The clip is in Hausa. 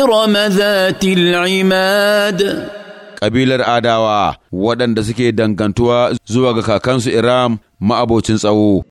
إرم ذات العماد ƙabilar adawa waɗanda suke dangantuwa zuwa ga kakansu Iram ma'abocin tsawo.